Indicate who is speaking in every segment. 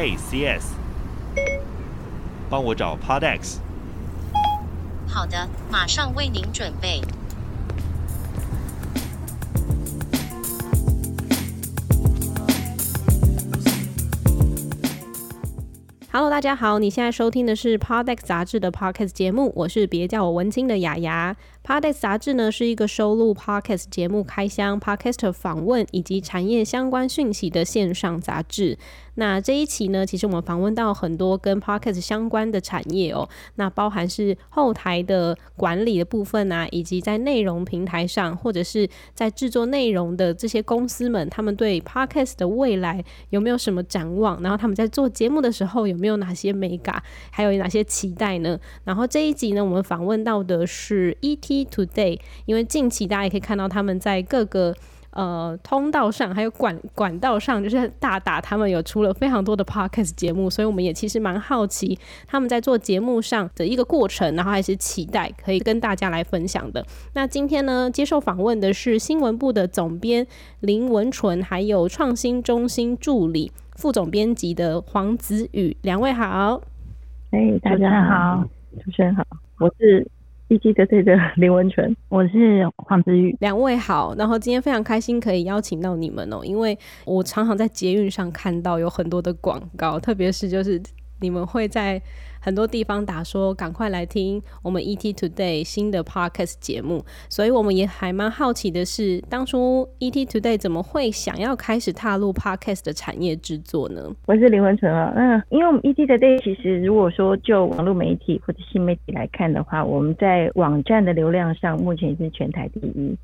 Speaker 1: Hey CS，幫我找 Podex。好
Speaker 2: 的，馬上為您準備。
Speaker 3: Hello，大家好，你現在收聽的是 Podex 雜誌的 Podcast 節目，我是別叫我文青的雅雅。Podcast 雜誌呢是一個收錄 Podcast 節目開箱、Podcaster 訪問以及產業相關訊息的線上雜誌。那這一期呢，其實我們訪問到很多跟 Podcast 相關的產業哦，、喔，那包含是後台的管理的部分啊，以及在內容平台上或者是在製作內容的這些公司們，他們對 Podcast 的未來有沒有什麼展望？然後他們在做節目的時候有沒有哪些美感，還有哪些期待呢？然後這一集呢，我們訪問到的是 ET。Today，因為近期大家也可以看到他們在各個呃通道上，還有管管道上，就是大大他們有出了非常多的 Podcast 節目，所以我們也其實蠻好奇他們在做節目上的一個過程，然後還是期待可以跟大家來分享的。那今天呢，接受訪問的是新聞部的總編林文純，還有創新中心助理副總編輯的黃子宇，兩位好。哎
Speaker 1: ，hey, 大家好，主持人好，我是。對對對，林文全，我是黃子玉，
Speaker 3: 兩位好。然後今天非常開心可以邀請到你們哦，因為我常常在捷運上看到有很多的廣告，特別是就是你們會在。很多地方打說，趕快來聽我們《ET Today》新的 Podcast 節目。所以我們也還蠻好奇的是，當初《ET Today》怎麼會想要開始踏入 Podcast 的產業製作呢？
Speaker 1: 我是林文成啊，嗯，因為我們《ET Today》其實如果說就網絡媒體或者新媒體來看的話，我們在網站的流量上目前已經是全台第一。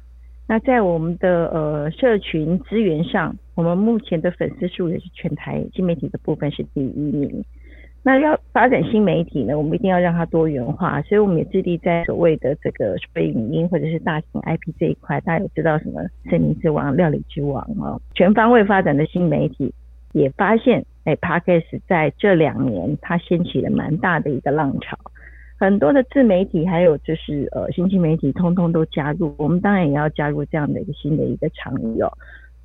Speaker 1: 那在我們的呃社群資源上，我們目前的粉絲數也是全台新媒體的部分是第一名。那要發展新媒體呢，我們一定要讓它多元化，所以我們也致力在所謂的這個聲音影音或者是大型 IP 這一塊。大家有知道什麼森林之王、料理之王哦，全方位發展的新媒體，也發現哎 Podcast 在這兩年它掀起了蠻大的一個浪潮，很多的自媒體還有就是呃新興媒體通通都加入，我們當然也要加入這樣的一個新的一個場域哦。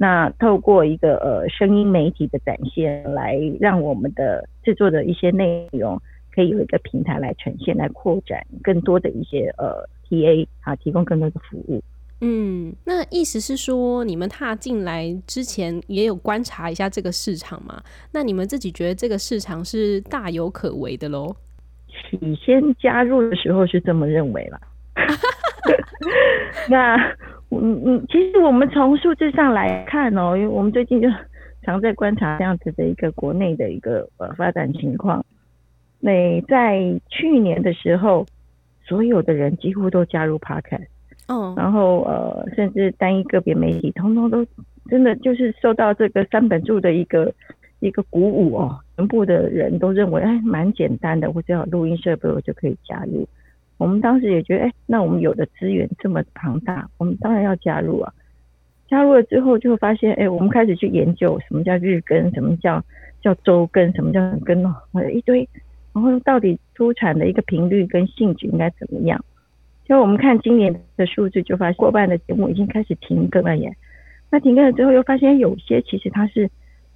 Speaker 1: 那透過一個呃，聲音媒體的展現，來讓我們的製作的一些內容，可以有一個平台來呈現，來擴展更多的一些呃 TA 啊，提供更多的服務。嗯，
Speaker 3: 那意思是說，你們踏進來之前也有觀察一下這個市場嘛？那你們自己覺得這個市場是大有可為的嘍？
Speaker 1: 起先加入的時候是這麼認為啦。 那。嗯嗯，其實我們從數字上來看哦，因為我們最近就常在觀察這樣子的一個國內的一個呃發展情況。那在去年的時候，所有的人幾乎都加入 Podcast 嗯、oh.，然後呃，甚至單一個別媒體，通通都真的就是受到這個三本柱的一個一個鼓舞哦，全部的人都認為，哎，蠻簡單的，我只要錄音設備，我就可以加入。我們當時也覺得，哎，那我們有的資源這麼龐大，我們當然要加入啊。加入了之後，就發現，哎，我們開始去研究什麼叫日更，什麼叫叫週更，什麼叫長更哦，一堆。然後到底出產的一個頻率跟性質應該怎麼樣？就我們看今年的數字，就發現過半的節目已經開始停更了耶。那停更了之後，又發現有些其實它是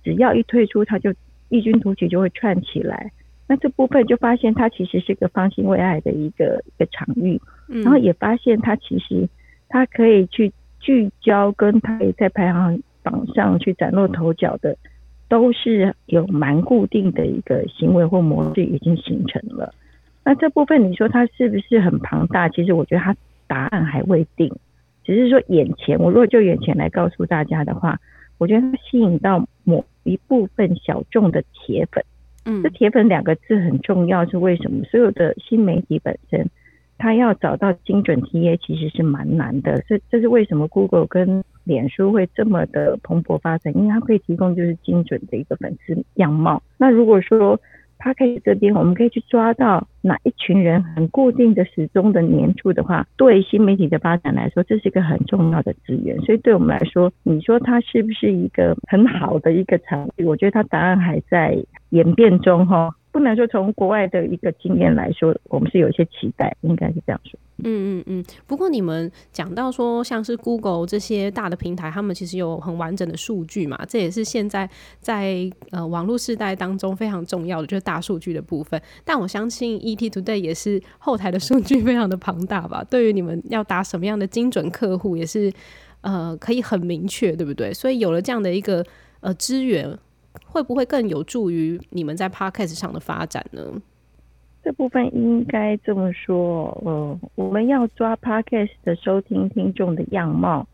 Speaker 1: 只要一推出，它就異軍突起，就會竄起來。那這部分就發現它其實是個方興未艾的一個一個場域，嗯、然後也發現它其實它可以去聚焦，跟它可以在排行榜上去嶄露頭角的，都是有蠻固定的一個行為或模式已經形成了。那這部分你說它是不是很龐大？其實我覺得它答案還未定，只是說眼前，我如果就眼前來告訴大家的話，我覺得它吸引到某一部分小眾的鐵粉。這鐵粉兩個字很重要，是為什麼？所有的新媒體本身，它要找到精準 TA 其實是蠻難的。這這是為什麼 Google 跟臉書會這麼的蓬勃發展？因為它可以提供就是精準的一個粉絲樣貌。那如果說，他可以這邊，我們可以去抓到哪一群人很固定的、始終的黏住的話，對新媒體的發展來說，這是一個很重要的資源。所以對我們來說，你說它是不是一個很好的一個產品，我覺得它答案還在演變中、哦，哈。
Speaker 3: 不能說從國外的一個經驗來
Speaker 1: 說，我們是有些期待，應該是這樣說。嗯
Speaker 3: 嗯嗯。不過你們講到說，像是 Google 這些大的平台，他們其實有很完整的數據嘛，這也是現在在呃網絡世代當中非常重要的，就是大數據的部分。但我相信 ETtoday 也是後台的數據非常的龐大吧，對於你們要打什麼樣的精準客戶，也是呃可以很明確，對不對？所以有了這樣的一個呃資源，會不會更有助於你們在 Podcast 上的發展呢？
Speaker 1: 這部分應該這麼說，嗯、呃，我們要抓 Podcast 的收聽聽眾的樣貌，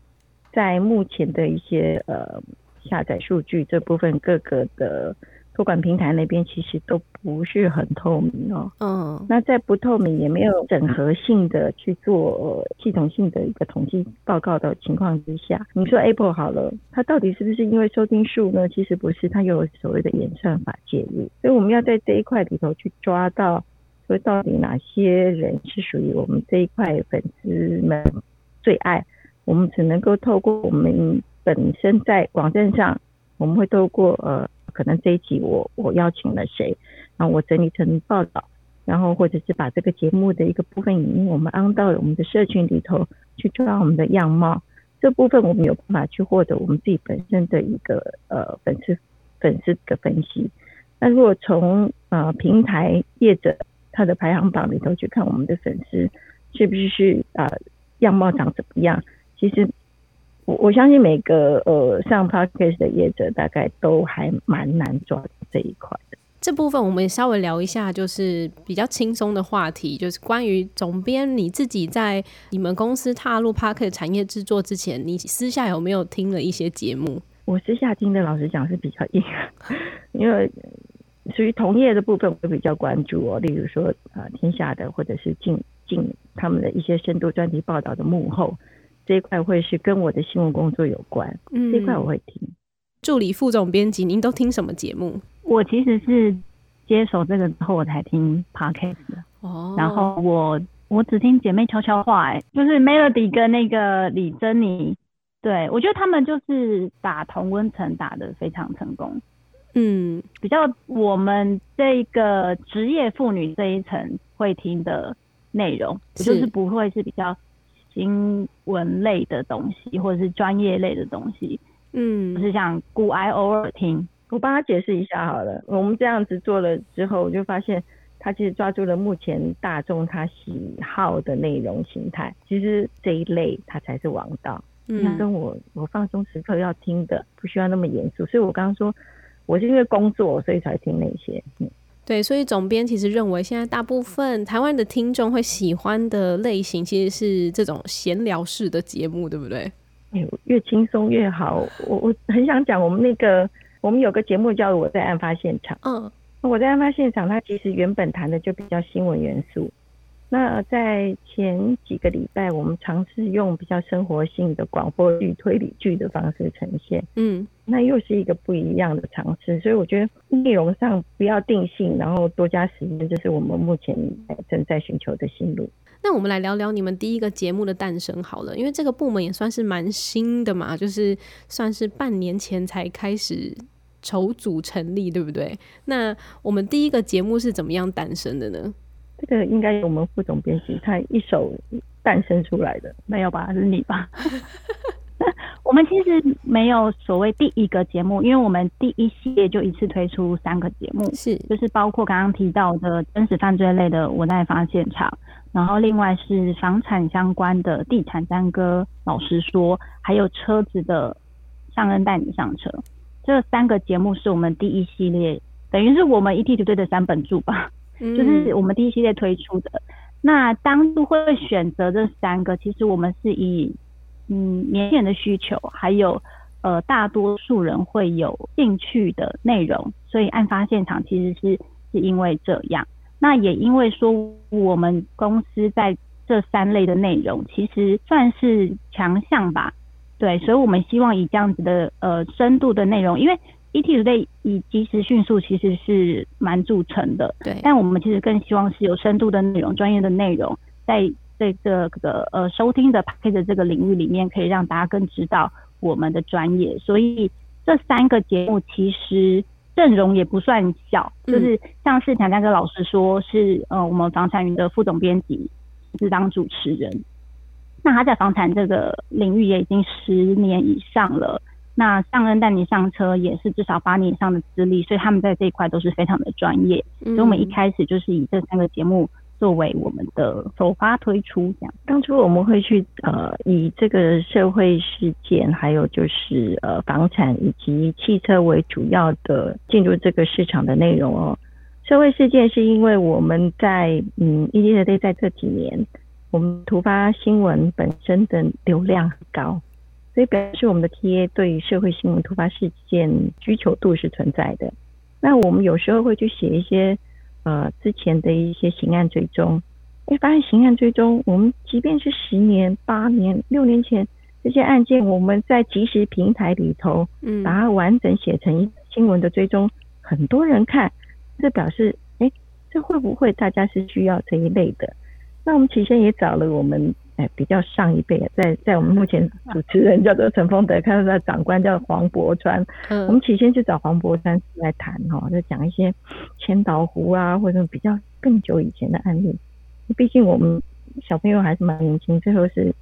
Speaker 1: 在目前的一些呃下載數據這部分各個的，託管平台那邊其實都不是很透明哦。嗯、uh-huh. 那在不透明也沒有整合性的去做，呃、系統性的一個統計報告的情況之下，你說 Apple 好了，它到底是不是因為收聽數呢？其實不是，它有所謂的演算法介入。所以我們要在這一塊裡頭去抓到，所以到底哪些人是屬於我們這一塊粉絲們最愛。我們只能夠透過我們本身在網站上，我們會透過呃。可能這一集我我邀請了誰，然後我整理成報道，然後或者是把這個節目的一個部分引音，我們安到我們的社群裡頭去，做到我們的樣貌這部分，我們有辦法去獲得我們自己本身的一個呃粉絲粉絲的分析。那如果從呃平台業者他的排行榜裡頭去看我們的粉絲是不是啊、呃、樣貌長怎麼樣，其實。我我相信每個呃上 Podcast 的業者大概都還蠻難抓這一塊
Speaker 3: 的。這部分我們也稍微聊一下，就是比較輕鬆的話題，就是關於總編你自己在你們公司踏入 Podcast 產業制作之前，你私下有沒有聽了一些節目？
Speaker 1: 我私下聽的，老實講是比較硬，因為屬於同業的部分，我比較關注哦。例如說呃天下的或者是進進他們的一些深度專題報道的幕後。這一塊會是跟我的新聞工作
Speaker 2: 有關，嗯，這塊我會聽。
Speaker 3: 助理副總編輯，您都聽什麼節目？我其
Speaker 2: 實是接手這個之後，我才聽 Podcast 哦，
Speaker 3: 然後
Speaker 2: 我我只聽《姐妹悄悄話》欸，就是 Melody 跟那個李珍妮。對，我覺得他們就是打同溫層打得非常成功。嗯，比較我們這一個職業婦女這一層會聽的內容，是就是不會是比較。新聞類的東西，或者是專業類的東西，嗯，我是像古哀偶爾聽，我幫他解釋一下好了。我
Speaker 1: 們這樣子做了之後，我就發現他其實抓住了目前大眾他喜好的內容形態，其實這一類他才是王道。嗯，但是我我放鬆時刻要聽的，不需要那麼嚴肅。所以我剛剛說，我是因為工作所以才聽那些，嗯。
Speaker 3: 對，所以總編其實認為，現在大部分台灣的聽眾會喜歡的類型，其實是這種閒聊式的節目，對不對？
Speaker 1: 越輕鬆越好。我我很想講，我們那個我們有個節目叫《我在案發現場》，嗯，我在案發現場，它其實原本談的就比較新聞元素。那在前幾個禮拜，我們嘗試用比較生活性的廣播劇、推理劇的方式呈現，嗯，那又是一個不一樣的嘗試。所以我覺得內容上不要定性，然後多加實驗，就是我們目前正在尋求的新路。
Speaker 3: 那我們來聊聊你們第一個節目的誕生好了，因為這個部門也算是蠻新的嘛，就是算是半年前才開始籌組成立，對不對？那我們第一個節目是怎麼樣誕生的呢？
Speaker 1: 這個應該由我們副總編輯他
Speaker 2: 一手誕生出來的，沒有吧？是你吧？ 我們其實沒有所謂第一個節目，因為我們第一系列就一次推出三個節目，是就是包括剛剛提到的真實犯罪類的《無耐發現場》，然後另外是房產相關的《地產三哥》，老實說，還有車子的《尚恩帶你上車》，這三個節目是我們第一系列，等於是我們 ET 團隊的三本柱吧。就是我們第一系列推出的，嗯、哼那當初會選擇這三個，其實我們是以嗯，年輕人的需求，還有呃，大多數人會有興趣的內容，所以案發現場其實是是因為這樣，那也因為說我們公司在這三類的內容其實算是強項吧，對，所以我們希望以這樣子的呃深度的內容，因為。ETtoday 以及時迅速其實是蠻著稱的，對。但我們其實更希望是有深度的內容、專業的內容，在這個的、這個、呃收聽的 Podcast 的這個領域裡面，可以讓大家更知道我們的專業。所以這三個節目其實陣容也不算小，嗯、就是像是譚家哥老師說，是呃我們房產雲的副總編輯是當主持人，那他在房產這個領域也已經十年以上了。那尚恩帶你上車也是至少八年以上的資歷，所以他們在這一塊都是非常的專業。所以我們一開始就是以這三個節目作為我們的首發推出。這樣、嗯、當初我們會去呃以這個社會事件還有
Speaker 1: 就是呃房產以及汽車為主要的進入這個市場的內容哦。社會事件是因為我們在嗯 E D 的在這幾年，我們突發新聞本身的流量很高。所以表示我們的 TA 對於社會新聞突發事件需求度是存在的。那我們有時候會去寫一些，呃，之前的一些刑案追蹤。哎，發現刑案追蹤，我們即便是十年、八年、六年前這些案件，我們在即時平台裡頭，把它完整寫成一個新聞的追蹤，嗯。很多人看，這表示，哎，這會不會大家是需要這一類的？那我們起先也找了我們。比較上一輩，在在我們目前主持人叫做陳豐德，看到他長官叫黃伯川。我們起先去找黃伯川來談哈，就講一些千島湖啊，或者比較更久以前的案例。畢竟我們小朋友還是蠻年輕，最後是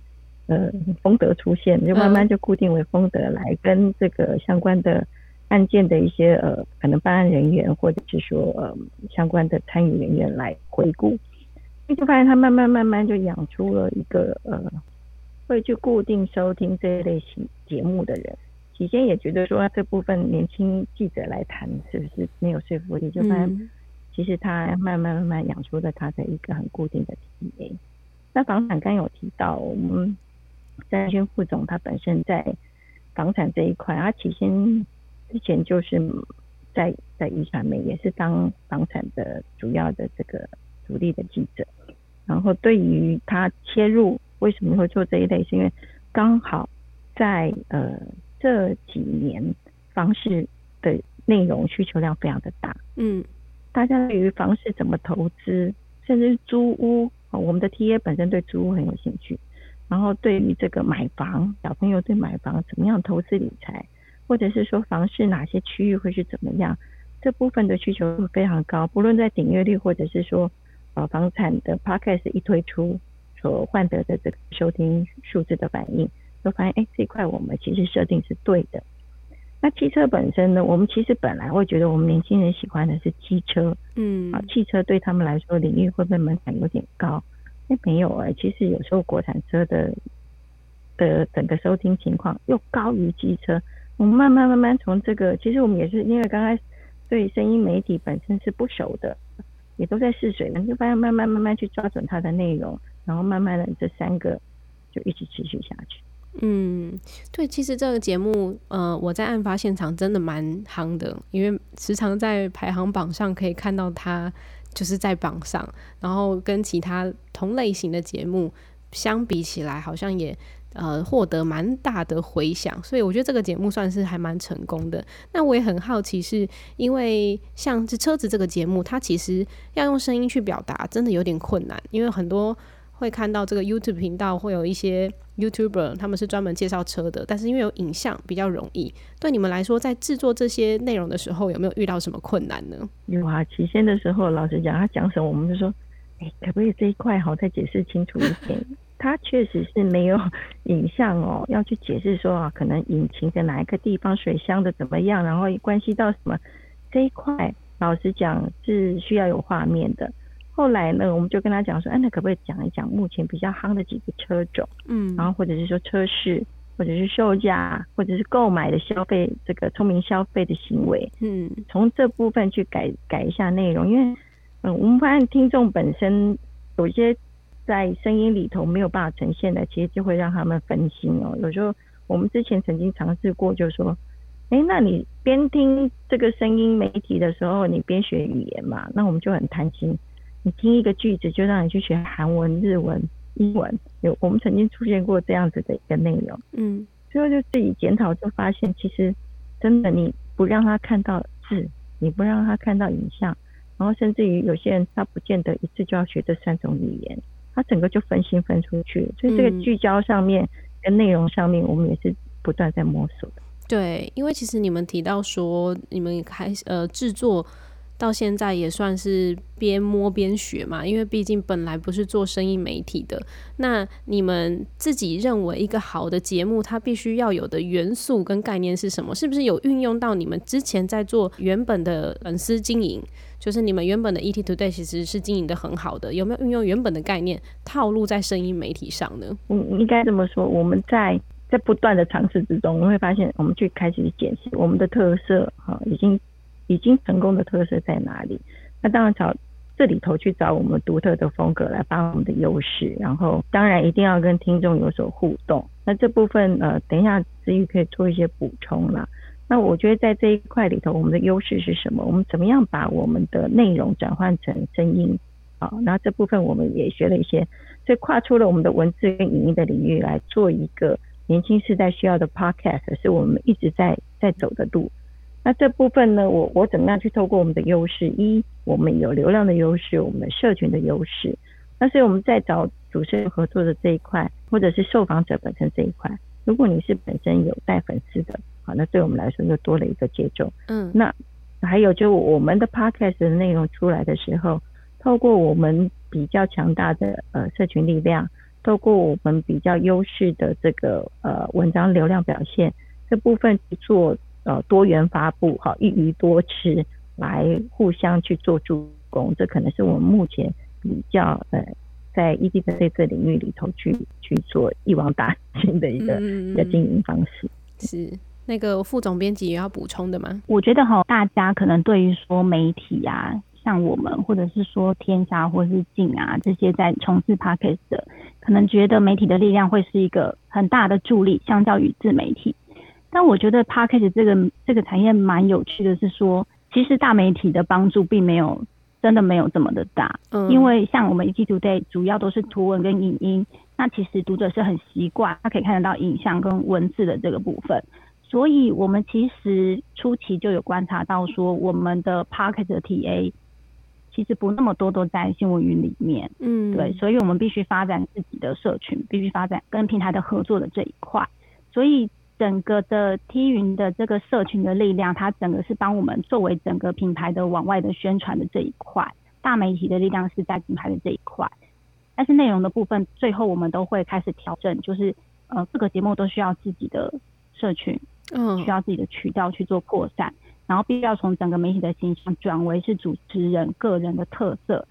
Speaker 1: 呃豐德出現，就慢慢就固定為豐德來跟這個相關的案件的一些呃可能辦案人員，或者是說呃相關的參與人員來回顧。就發現他慢慢慢慢就養出了一個呃，會去固定收聽這一類型節目的人。起先也覺得說這部分年輕記者來談是不是沒有說服力，就發現其實他慢慢慢慢養出了他的一個很固定的 TA、嗯、那房產剛有提到，我們張軒副總他本身在房產這一塊，他起先之前就是在在壹傳媒也是當房產的主要的這個。獨立的記者，然後對於他切入為什麼會做這一類，是因為剛好在呃這幾年房市的內容需求量非常的大，嗯，大家對於房市怎麼投資，甚至是租屋，哦，我們的 T A 本身對租屋很有興趣，然後對於這個買房，小朋友對買房怎麼樣投資理財，或者是說房市哪些區域會是怎麼樣，這部分的需求會非常高，不論在訂閱率或者是說。房產的 podcast 一推出，所換得的這個收聽數字的反應，就發現哎，這一塊我們其實設定是對的。那汽車本身呢？我們其實本來會覺得，我們年輕人喜歡的是機車，嗯，啊，汽車對他們來說領域會不會門檻有點高？哎，沒有哎，其實有時候國產車的的，的整個收聽情況又高於機車。我們慢慢慢慢從這個，其實我們也是因為剛開始對聲音媒體本身是不熟的。也都在試水，然後就發現慢慢慢慢去抓準它的內容，然後慢慢的這三個就一直持續下去。
Speaker 3: 嗯，對，其實這個節目，呃，我在案發現場真的蠻夯的，因為時常在排行榜上可以看到它就是在榜上，然後跟其他同類型的節目相比起來，好像也，呃，獲得蠻大的回響，所以我覺得這個節目算是還蠻成功的。那我也很好奇，是因為像是車子這個節目，它其實要用聲音去表達，真的有點困難。因為很多會看到這個 YouTube 頻道，會有一些 YouTuber，他們是專門介紹車的，但是因為有影像比較容易。對你們來說，在制作這些內容的時候，有沒有遇到什麼困難呢？
Speaker 1: 哇，起先的時候，老實講，他講什麼，我們就說，哎、欸，可不可以這一塊好再解釋清楚一點？ 他確實是沒有影像哦，要去解釋說啊，可能引擎的哪一個地方、水箱的怎麼樣，然後關係到什麼這一塊，老實講是需要有畫面的。後來呢，我們就跟他講說，誒、那可不可以講一講目前比較夯的幾個車種，嗯，然後或者是說車市，或者是售價，或者是購買的消費這個聰明消費的行為，嗯，從這部分去改改一下內容，因為嗯，我們發現聽眾本身有一些。在聲音裡頭沒有辦法呈現的，其實就會讓他們分心哦。有時候我們之前曾經嘗試過，就說：“誒，那你邊聽這個聲音媒體的時候，你邊學語言嘛。”那我們就很貪心，你聽一個句子就讓你去學韓文、日文、英文。有我們曾經出現過這樣子的一個內容，嗯，最後就自己檢討，就發現其實真的你不讓他看到字，你不讓他看到影像，然後甚至於有些人他不見得一次就要學這三種語言。它整個就分心分出去，所以這個聚焦上面跟內容上面，我們也是不斷在摸索的。
Speaker 3: 嗯，對，因為其實你們提到說，你們還呃製作。到現在也算是邊摸邊學嘛，因為畢竟本來不是做聲音媒體的。那你們自己認為一個好的節目，它必須要有的元素跟概念是什麼？是不是有運用到你們之前在做原本的粉絲經營？就是你們原本的 ET Today 其實是經營得很好的，有沒有運用原本的概念套路在聲音媒體上呢？嗯，
Speaker 1: 應該這麼說，我們在在不斷的嘗試之中，我們會發現，我們去開始的解釋我們的特色哈、哦，已經。已經成功的特色在哪裡？那當然找這裡頭去找我們獨特的風格來幫我們的優勢，然後當然一定要跟聽眾有所互動。那這部分呃，等一下子玉可以做一些補充啦。那我覺得在這一塊裡頭，我們的優勢是什麼？我們怎麼樣把我們的內容轉換成聲音？啊、哦，那這部分我們也學了一些，所以跨出了我們的文字跟影音的領域來做一個年輕世代需要的 Podcast，是我們一直在在走的路。那這部分呢？我我怎麼樣去透過我們的優勢？一，我們有流量的優勢，我們社群的優勢。那所以，我們在找主持人合作的這一塊，或者是受訪者本身這一塊。如果你是本身有帶粉絲的，好，那對我們來說又多了一個接種。嗯，那還有就我們的 Podcast 的內容出來的時候，透過我們比較強大的呃社群力量，透過我們比較優勢的這個呃文章流量表現，這部分去做。呃，多元发布，哈，一魚多吃，來互相去做助攻，這可能是我們目前比較呃，在 E D 的這個
Speaker 2: 領域裡頭去去做一網打盡的一個的、嗯嗯嗯嗯、經營方式。
Speaker 3: 是那個副總編輯也要補充的嗎？
Speaker 2: 我覺得哈、哦，大家可能對於說媒體啊，像我們或者是說天下或是鏡啊這些在從事 Podcast 的，可能覺得媒體的力量會是一個很大的助力，相較於自媒體。但我覺得 Podcast 這個這個產業蠻有趣的，是說其實大媒體的幫助並沒有真的沒有這麼的大，嗯、因為像我們 ETtoday 主要都是圖文跟影音，那其實讀者是很習慣他可以看得到影像跟文字的這個部分，所以我們其實初期就有觀察到說，我們的 Podcast 的 TA 其實不那麼多都在新聞雲裡面，嗯，對，所以我們必須發展自己的社群，必須發展跟平台的合作的這一塊，所以。整個的 T 雲的這個社群的力量，它整個是幫我們作為整個品牌的往外的宣傳的這一塊，大媒體的力量是在品牌的這一塊，但是內容的部分，最後我們都會開始調整，就是呃各、這個節目都需要自己的社群，嗯，需要自己的渠道去做擴散，嗯、然後必須要從整個媒體的形象轉為是主持人個人的特色，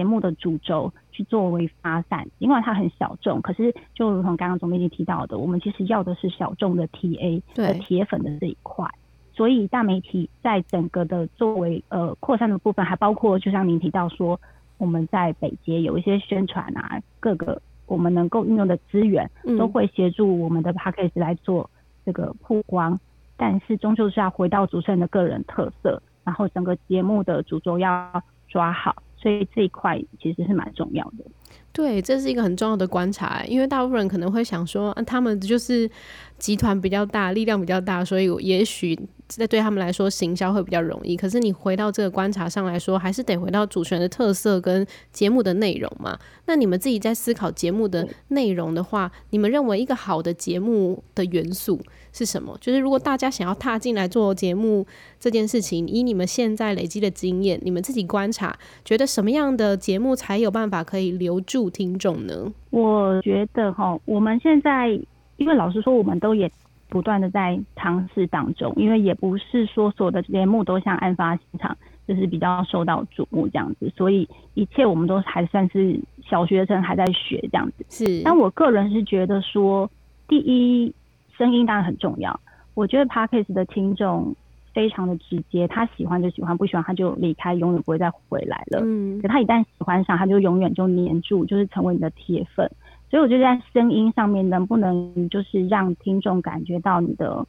Speaker 2: 節目的主軸去作為發散，因為它很小眾，可是就如同剛剛總編輯提到的，我們其實要的是小眾的 TA 和鐵粉的這一塊。對所以大媒體在整個的作為呃擴散的部分，還包括就像您提到說，我們在北捷有一些宣傳啊，各個我們能夠運用的資源都會協助我們的 Podcast 來做這個曝光。嗯、但是終究是要回到主持人的個人特色，然後整個節目的主軸
Speaker 3: 要抓好。所以
Speaker 2: 這一塊其實是蠻
Speaker 3: 重要的。對，這是一個很重要的觀察、欸，因為大部分人可能會想說，啊、他們就是集團比較大，力量比較大，所以也許這對他們來說行銷會比較容易。可是你回到這個觀察上來說，還是得回到主持人的特色跟節目的內容嘛。那你們自己在思考節目的內容的話，你們認為一個好的節目的元素是什麼？就是如果大家想要踏進來做節目這件事情，以你們現在累積的經驗，你們自己觀察，覺得什麼樣的節目才有辦法可以留住聽眾呢？
Speaker 2: 我覺得哈，我們現在因為老實說，我們都也不斷的在嘗試當中，因為也不是說所有的節目都像《案發現場》就是比較受到矚目這樣子，所以一切我們都還算是小學生還在學這樣子。是，但我個人是覺得說，第一。聲音當然很重要，我覺得 Podcast 的聽眾非常的直接，他喜歡就喜歡，不喜歡他就離開，永遠不會再回來了。嗯，可他一旦喜歡上，他就永遠就黏住，就是成為你的鐵粉。所以我覺得在聲音上面，能不能就是讓聽眾感覺到你的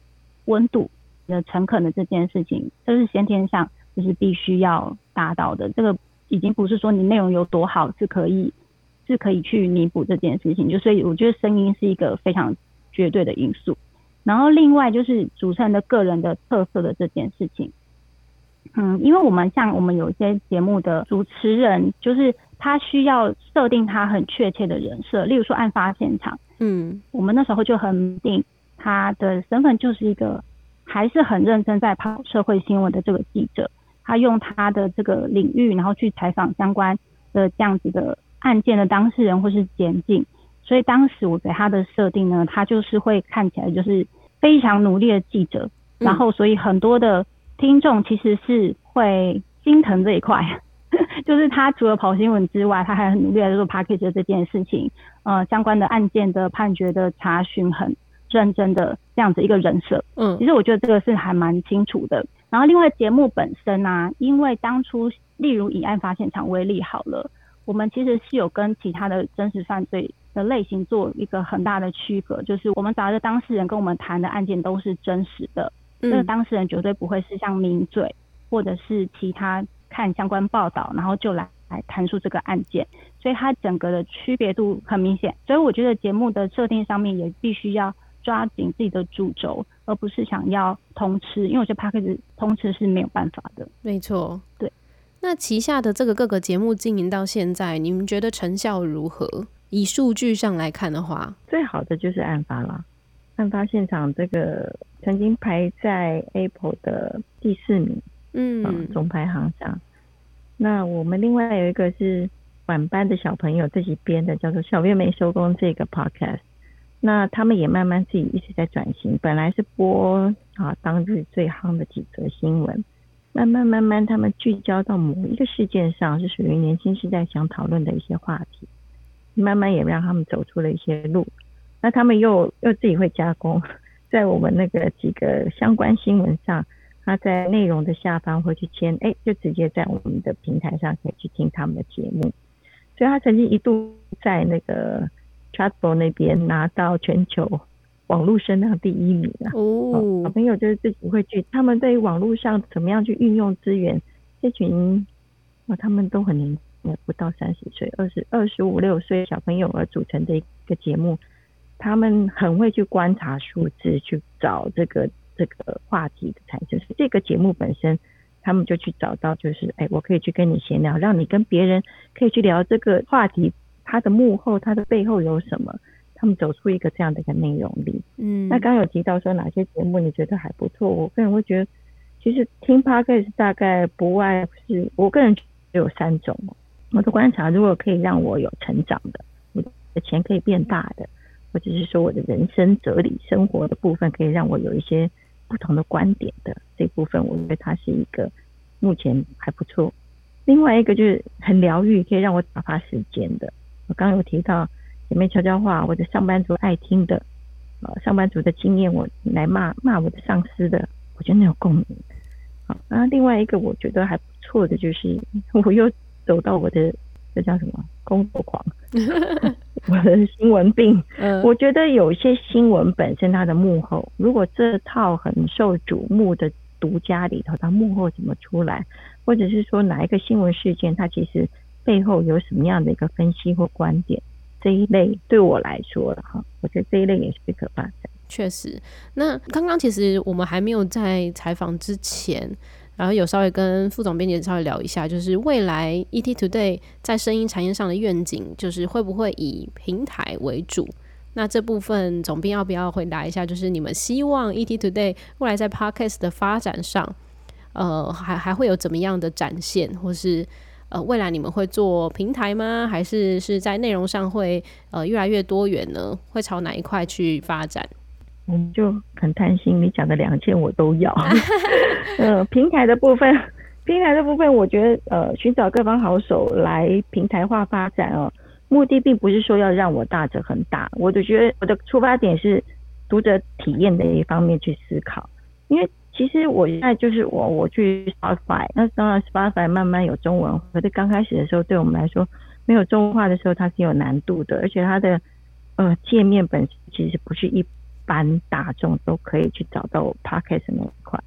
Speaker 2: 溫度、你的誠懇的這件事情，這是先天上就是必須要達到的。這個已經不是說你內容有多好是可以是可以去彌補這件事情，就所以我覺得聲音是一個非常。絕對的因素，然後另外就是主持人的個人的特色的這件事情，嗯，因為我們像我們有一些節目的主持人，就是他需要設定他很確切的人設，例如說案發現場，嗯，我們那時候就很定他的身份就是一個還是很認真在跑社會新聞的這個記者，他用他的這個領域，然後去採訪相關的這樣子的案件的當事人或是檢警。所以當時我給他的設定呢，他就是會看起來就是非常努力的記者，嗯、然後所以很多的聽眾其實是會心疼這一塊， 就是他除了跑新聞之外，他還很努力來做 package 這件事情，呃，相關的案件的判決的查詢很認真的這樣子一個人設，嗯，其實我覺得這個是還蠻清楚的。然後另外節目本身呢、啊，因為當初例如以案發現場為例好了，我們其實是有跟其他的真實犯罪的類型做一個很大的區隔，就是我們找的當事人跟我們談的案件都是真實的，這個、嗯、當事人絕對不會是像名嘴或者是其他看相關報道然後就來來談述這個案件，所以他整個的區別度很明顯。所以我覺得節目的設定上面也必須要抓緊自己的主軸，而不是
Speaker 3: 想要通吃，因為我覺得 Podcast 通吃是沒有辦法的。沒錯錯，對。那旗下的這個各個節目經營到現在，你們覺得成效如何？以數據上來看的話，最好的就是案發了。案發現場這個曾
Speaker 1: 經排在 Apple 的第四名，嗯，總、啊、排行上。那我們另外有一個是晚班的小朋友自己編的，叫做“小月沒收工”這個 Podcast。那他們也慢慢自己一直在轉型，本來是播啊當日最夯的幾則新聞，慢慢慢慢他們聚焦到某一個事件上，是屬於年輕時代想討論的一些話題。慢慢也讓他們走出了一些路，那他們又又自己會加工，在我們那個幾個相關新聞上，他在內容的下方會去簽，哎、欸，就直接在我們的平台上可以去聽他們的節目。所以他曾經一度在那個 Chartable 那邊拿到全球網絡聲量第一名啊。哦，小、哦、朋友就是自己會去，他們在網絡上怎麼樣去運用資源，這群啊、哦、他們都很不到三十歲，二十二十五六歲小朋友而組成的一個節目，他們很會去觀察數字，去找這個這個話題的產生。是這個節目本身，他們就去找到，就是哎、欸，我可以去跟你閒聊，讓你跟別人可以去聊這個話題，它的幕後，它的背後有什麼？他們走出一個這樣的一個內容裡。嗯，那剛有提到說哪些節目你覺得還不錯？我個人會覺得，其實聽 Podcast 大概不外是，我個人只有三種。我的觀察，如果可以讓我有成長的，我的錢可以變大的，或者是說我的人生哲理、生活的部分可以讓我有一些不同的觀點的這部分，我覺得它是一個目前還不錯。另外一個就是很療癒，可以讓我打發時間的。我剛剛有提到姐妹悄悄話，或者上班族愛聽的啊，上班族的經驗我來罵罵我的上司的，我覺得有共鳴。啊，另外一個我覺得還不錯的就是我又。走到我的這叫什麼？工作狂， 我的新聞病。 嗯、我覺得有些新聞本身，它的幕後，如果這套很受矚目的獨家裡頭，它幕後怎麼出來，或者是說哪一個新聞事件，它其實背後有什麼樣的一個分析或觀點，這一類對我來說，哈，我覺得這一類也是最可怕的。
Speaker 3: 確實，那剛剛其實我們還沒有在採訪之前，然後有稍微跟副總編輯稍微聊一下，就是未來 ET Today 在聲音產業上的願景，就是會不會以平台為主？那這部分總編要不要回答一下？就是你們希望 ET Today 未來在 Podcast 的發展上，呃，還還會有怎麼樣的展現，或是呃，未來你們會做平台嗎？還是是在內容上會呃越來越多元呢？會朝哪一塊去發展？
Speaker 1: 我們就很貪心，你講的兩千我都要。 呃，
Speaker 3: 平台的部分，平台的部分，我覺
Speaker 1: 得呃，尋找各方好手來平台化發展哦、呃。目的並不是說要讓我大者恆大，我就覺得我的出發點是讀者體驗的一方面去思考。因為其實我現在就是我我去 Spotify，那當然 Spotify 慢慢有中文，可是剛開始的時候，對我們來說沒有中文化的時候，它是有難度的，而且它的呃界面本身其實不是一。一般大眾都可以去找到 Podcast 那一款。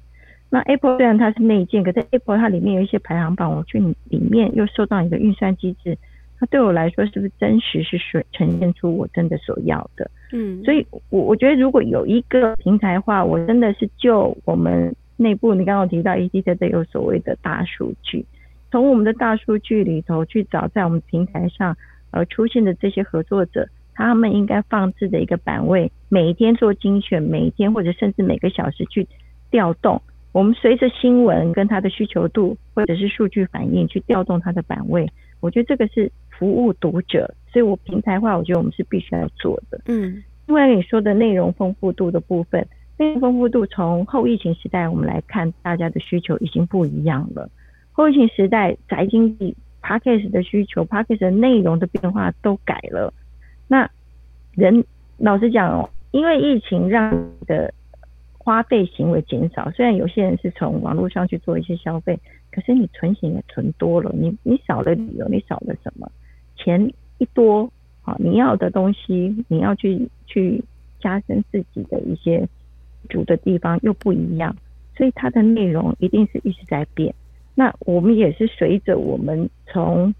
Speaker 1: 那 Apple 雖然它是內建，可是 Apple 它裡面有一些排行榜，我去裡面又受到一個運算機制，它對我來說是不是真實是水，呈現出我真的所要的？嗯，所以我，我我覺得如果有一個平台的話，我真的是就我們內部，你剛剛提到 E D C 這有所謂的大數據，從我們的大數據裡頭去找在我們平台上而出現的這些合作者，他們應該放置的一個板位。每一天做精選，每一天或者甚至每個小時去調動，我們隨着新聞跟它的需求度，或者是數據反應去調動它的版位。我覺得這個是服務讀者，所以我平台化，我覺得我們是必須要做的。嗯，另外你說的內容豐富度的部分，內容豐富度從後疫情時代我們來看，大家的需求已經不一樣了。後疫情時代，宅經濟、Podcast 的需求、Podcast 的內容的變化都改了。那人老實講、哦。因為疫情讓你的花費行為減少，雖然有些人是從網絡上去做一些消費，可是你存錢也存多了，你你少了旅遊，你少了什麼？錢一多，啊，你要的東西，你要去去加深自己的一些足的地方又不一樣，所以它的內容一定是一直在變。那我們也是隨着我們從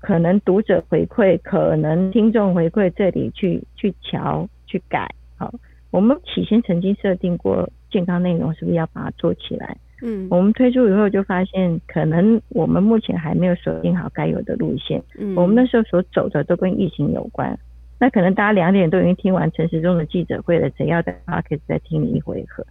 Speaker 1: 可能讀者回饋、可能聽眾回饋這裡去去瞧，去改好，我們起先曾經設定過健康內容，是不是要把它做起來？嗯，我們推出以後就發現，可能我們目前還沒有設定好該有的路線。嗯，我們那時候所走的都跟疫情有關，那可能大家兩點都已經聽完陳時中的記者會了，只要的話可以再聽一回合。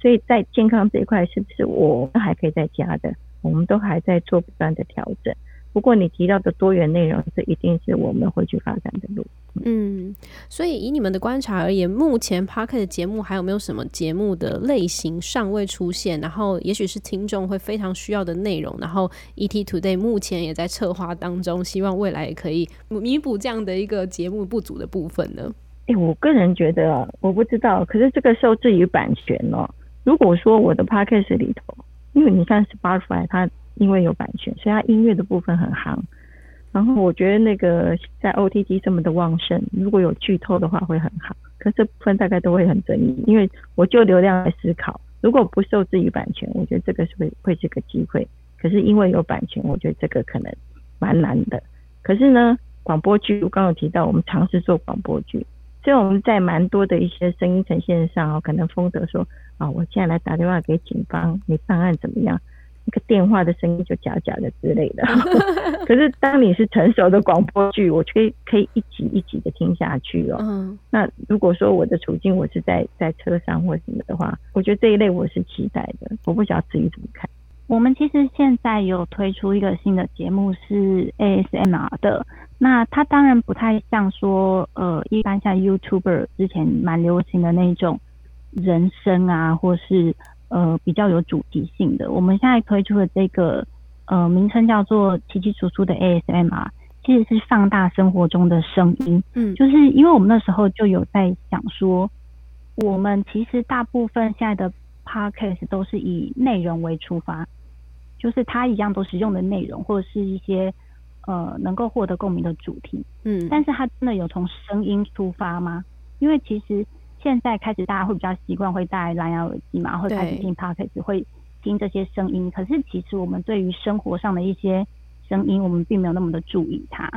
Speaker 1: 所以在健康這一塊，是不是我們還可以再加的？我們都還在做不斷的調整。如果你提到的多元內容，這一定是我們會去發展的路。嗯，
Speaker 3: 所以以你們的觀察而言，目前 Podcast 的節目還有沒有什麼節目的類型尚未出現？然後，也許是聽眾會非常需要的內容。然後，ET Today 目前也在策劃當中，希望未來也可以彌補這樣的一個節目不足的部分呢。誒、
Speaker 1: 欸，我個人覺得，我不知道，可是這個受制於版權哦、喔。如果說我的 Podcast 裡頭，因為你看 Spotify 它。因為有版權，所以它音樂的部分很行，然後我覺得那個在 OTT 這麼的旺盛，如果有劇透的話會很好。可這部分大概都會很爭議，因為我就流量來思考，如果不受制於版權，我覺得這個是會會是個機會。可是因為有版權，我覺得這個可能蠻難的。可是呢，廣播劇我剛剛有提到，我們嘗試做廣播劇，所以我們在蠻多的一些聲音呈現上啊、哦，可能風格說啊，我現在來打電話給警方，你辦案怎麼樣？一個電話的聲音就假假的之類的，可是當你是成熟的廣播劇，我却可以一集一集的聽下去哦。那如果說我的處境，我是在在車上或什麼的話，我覺得這一類我是期待的。我不曉得自己怎麼看。
Speaker 2: 我們其實現在有推出一個新的節目是 ASMR 的，那它當然不太像說呃一般像 YouTuber 之前蠻流行的那一種人聲啊，或是。呃，比較有主題性的，我們現在推出的這個呃名稱叫做“奇奇楚楚”的 ASMR，其實是放大生活中的聲音。嗯，就是因為我們那時候就有在想說，我們其實大部分現在的 podcast 都是以內容為出發，就是它一樣都是用的內容或者是一些呃能夠獲得共鳴的主題。嗯，但是它真的有從聲音出發嗎？因為其實。現在開始，大家會比較習慣會戴藍牙耳機嘛，會開始聽 Podcast 會聽這些聲音。可是其實我們對於生活上的一些聲音，我們並沒有那麼的注意它。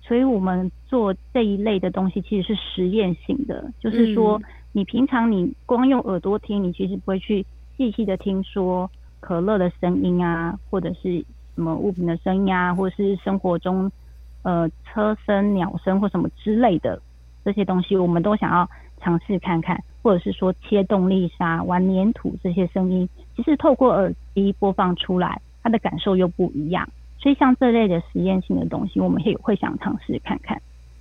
Speaker 2: 所以，我們做這一類的東西其實是實驗性的，嗯、就是說，你平常你光用耳朵聽，你其實不會去細細的聽說可樂的聲音啊，或者是什麼物品的聲音啊，或者是生活中呃車聲、鳥聲或什麼之類的這些東西，我們都想要。嘗試看看，或者是說切動力沙、玩粘土這些聲音，其實透過耳機播放出來，它的感受又不一樣。所以像這類的實驗性的東西，我們也會想嘗試看看。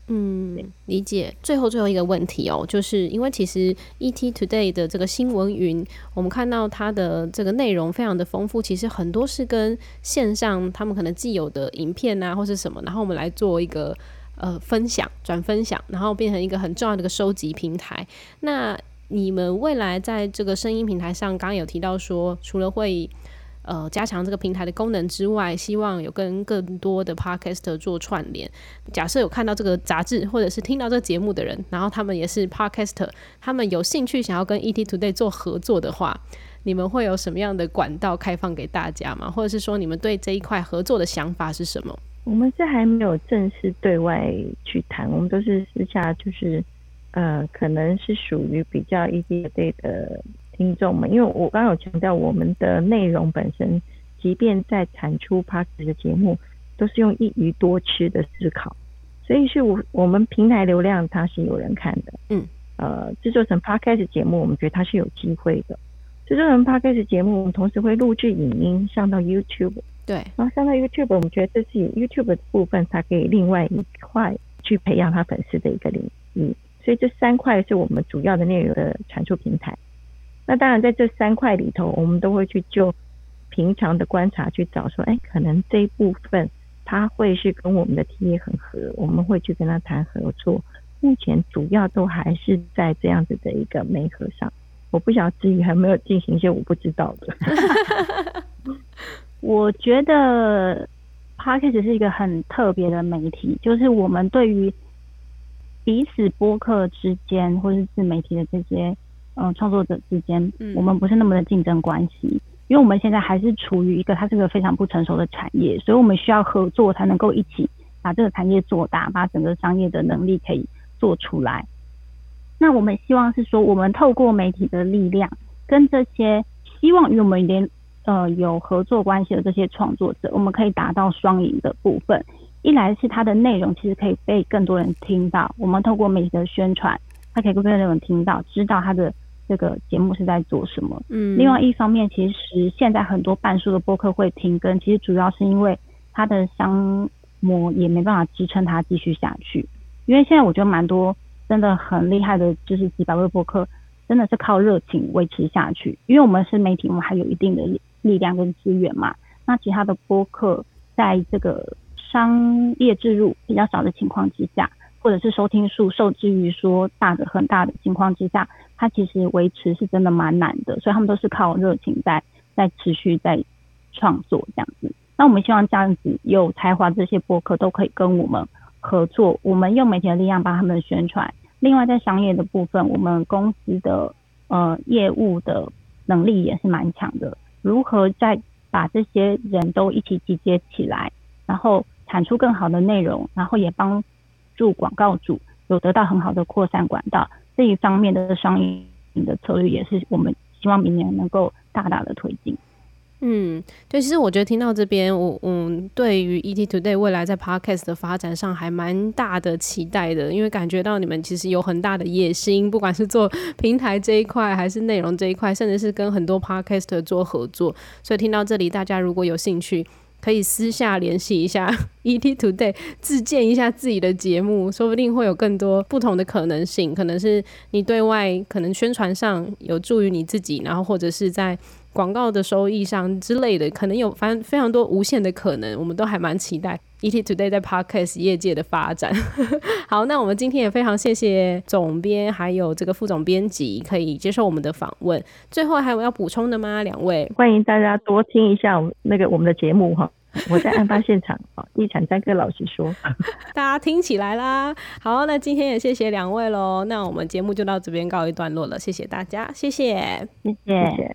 Speaker 3: 嗯，理解。最後最後一個問題哦、喔，就是因為其實 ET Today 的這個新聞雲，我們看到它的這個內容非常的豐富，其實很多是跟線上他們可能既有的影片啊，或是什麼，然後我們來做一個。呃，分享轉分享，然後變成一個很重要的一個收集平台。那你們未來在這個聲音平台上，剛剛有提到說，除了會呃加強這個平台的功能之外，希望有跟更多的 Podcaster 做串聯。假設有看到這個雜誌或者是聽到這個節目的人，然後他們也是 Podcaster，他們有興趣想要跟 ET Today 做合作的話，你們會有什麼樣的管道開放給大家嗎？或者是說，你們對這一塊合作的想法是什麼？
Speaker 1: 我們這還沒有正式對外去談，我們都是私下，就是呃，可能是屬於比較一對一的聽眾嘛。因為我剛剛有強調，我們的內容本身，即便在產出 Podcast 的節目，都是用一魚多吃的思考，所以是我我們平台流量它是有人看的，嗯，呃，製作成 Podcast 節目，我們覺得它是有機會的。製作成 Podcast 節目，我們同時會錄製影音上到 YouTube。對，然後像到 YouTube，我們覺得這是 YouTube 的部分，它可以另外一塊去培養他粉絲的一個領域，所以這三塊是我們主要的內容的傳輸平台。那當然，在這三塊裡頭，我們都會去就平常的觀察去找說，哎、欸，可能這一部分他會是跟我們的 TA 很合，我們會去跟他談合作。目前主要都還是在這樣子的一個媒合上，我不曉得至於還沒有進行一些我不知道的。
Speaker 2: 我覺得 Podcast 是一個很特別的媒體，就是我們對於彼此播客之間，或者是自媒體的這些嗯呃、創作者之間，嗯、我們不是那麼的競爭關係，因為我們現在還是處於一個它是個非常不成熟的產業，所以我們需要合作才能夠一起把這個產業做大，把整個商業的能力可以做出來。那我們希望是說，我們透過媒體的力量，跟這些希望與我們連。呃，有合作關係的這些創作者，我們可以達到雙贏的部分。一來是它的內容其實可以被更多人聽到，我們透過媒體的宣傳，它可以被更多人聽到，知道它的這個節目是在做什麼。嗯，另外一方面，其實現在很多半數的播客會停更，其實主要是因為它的商模也沒辦法支撐它繼續下去。因為現在我覺得蠻多真的很厲害的，就是幾百位播客真的是靠熱情維持下去。因為我們是媒體，我們還有一定的。力量跟資源嘛，那其他的播客在這個商業置入比較少的情況之下，或者是收聽數受制於說大的很大的情況之下，它其實維持是真的蠻難的，所以他們都是靠熱情在在持續在創作這樣子。那我們希望這樣子有才華這些播客都可以跟我們合作，我們用媒體的力量幫他們宣傳。另外在商業的部分，我們公司的呃業務的能力也是蠻強的。如何再把這些人都一起集結起來，然後產出更好的內容，然後也幫助廣告主有得到很好的擴散管道，這一方面的雙贏的策略也是我們希望明年能夠大大的推進。
Speaker 3: 嗯，對，其實我覺得聽到這邊，我嗯，對於 ETtoday 未來在 Podcast 的發展上還蠻大的期待的，因為感覺到你們其實有很大的野心，不管是做平台這一塊，還是內容這一塊，甚至是跟很多 Podcast 做合作。所以聽到這裡，大家如果有興趣，可以私下聯繫一下 ETtoday，自薦一下自己的節目，說不定會有更多不同的可能性。可能是你對外可能宣傳上有助於你自己，然後或者是在。廣告的收益上之類的，可能有反正非常多無限的可能，我們都還蠻期待，ETtoday 在 Podcast 業界的發展。 好，那我們今天也非常謝謝總編還有這個副總編輯可以接受我們的訪問。最後還有要補充的嗎？兩位，
Speaker 1: 歡迎大家多聽一下我們那個我們的節目哈。 我在案發現場啊， 地產大哥老實說，
Speaker 3: 大家聽起來啦。好，那今天也謝謝兩位嘍。那我們節目就到這邊告一段落了，謝謝大家，謝謝，謝
Speaker 1: 謝。